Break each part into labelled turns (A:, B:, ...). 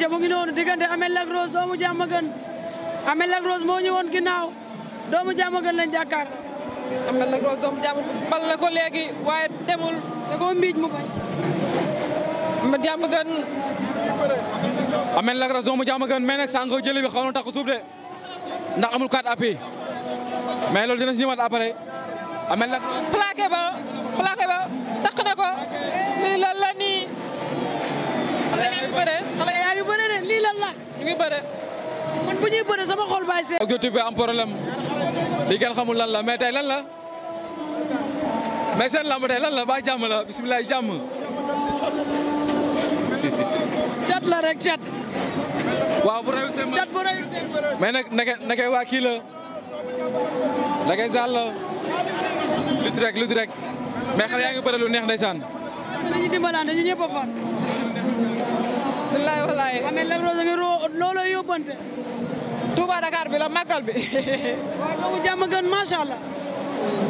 A: ca mu ngi noonu diggante Ameth Lac Rose doomu jàmm gën Ameth Lac Rose moo woon ginnaaw doomu jàmm gën lañ jàkkaar Ameth Lac doomu jàmm bal ko léegi waaye demul da koo mbiij mu bañ ma jàmm gën
B: Ameth doomu jàmm gën mais nag sànq jëli takku suuf de ndax amul quatre appui mais loolu dina si ñëwaat après Ameth Lac Rose
A: ba plaqué ba takk na man bu ñuy bëre sama xol baay seet.
B: objectif bi am problème li ngeen xamul lan la mais tey lan la mais seen lamb tey lan la ba jàmm la bisimilah jàmm.
A: cat la rek cat.
B: waaw bu rëyul seen cat bu rëyul seen mais nag naka naka waa kii la naka la lutti rek lutti rek yaa ngi bëre lu neex ndeysaan.
A: dañuy dimbalante ñu ñëpp a far. Ahmed Lac Rose ngi roo looloo yóbbante. Touba Dakar bi la màggal bi. waaw doomu jàmm gën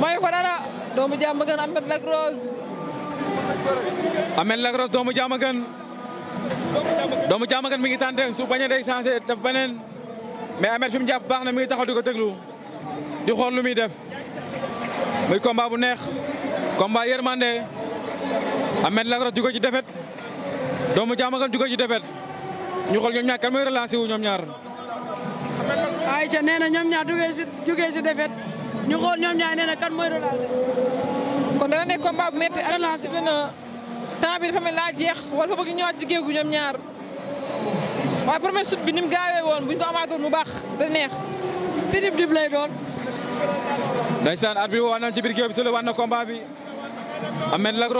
A: mayu ko dara doomu jàmm gën Ahmed Lac
B: Rose. doomu jàmm doomu jàmm mi ngi tànn su bañ a def beneen mais Ahmed fi mu jàpp baax na mi ngi taxaw di ko déglu di xool muy def muy combat bu neex combat yërmande Ahmed Lac Rose jugee ci defet doomu jàmm gën defet. ñu xool ñoom ñaar kan mooy relancé wu ñoom ñaar. ay
A: ca nee na ñoom ñaar jugee si jugee si défaite ñu xool ñoom ñaar nee na kan mooy relancé. kon dana nekk combat bu métti ak bi na temps bi dafa mel laa jeex wala fa bëgg ñëwaat ci géew gi ñoom ñaar waaye premier sut bi ni mu gaawee woon bu ko amaatoon mu baax da neex. pitib dib lay doon.
B: ndeysaan at bi waan ci biir géew bi sële waan na combat bi Ahmed Lac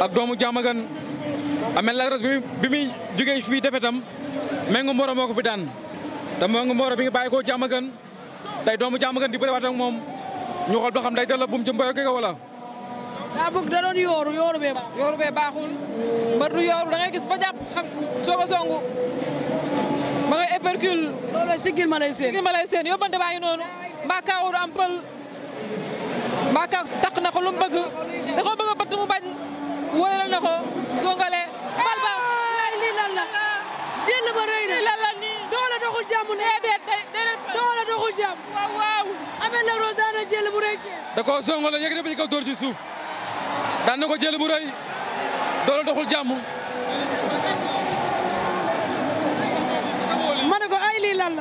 B: ak doomu Diamaguène. amel Lac Rose bi mi jugge fi defetam Mengu Mboro moko fi dan ta Mengu Mboro bi nga bàyyi koo Diamaguène tey doomu jamagan di prewat ak mom ñu xol do xam day delloo bu mu ci ak kii wala. da bëgg da doon yoru
A: yoru be baaxul. yooru bee baaxul mbër du yoru da ngay gis ba japp xam soo songu ba ngay épercule. lolo sigil malay sen sigil malay sen seen yóbbante baa ngi noonu mbaa kaawul am pël mbaa kaaw na ko lu mu bëgg da ko wóyal na ko Zongale. bal ba li lan jël ba rëy na doole doxul jàmm ne doole doxul jàmm. waaw waaw. Ameth Lac Rose daan na jël bu rëy.
B: ba ci kaw dóor ko jël bu rëy doole doxul jàmm.
A: ma ko ay lii lan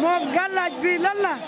A: moom gàllaaj bi lan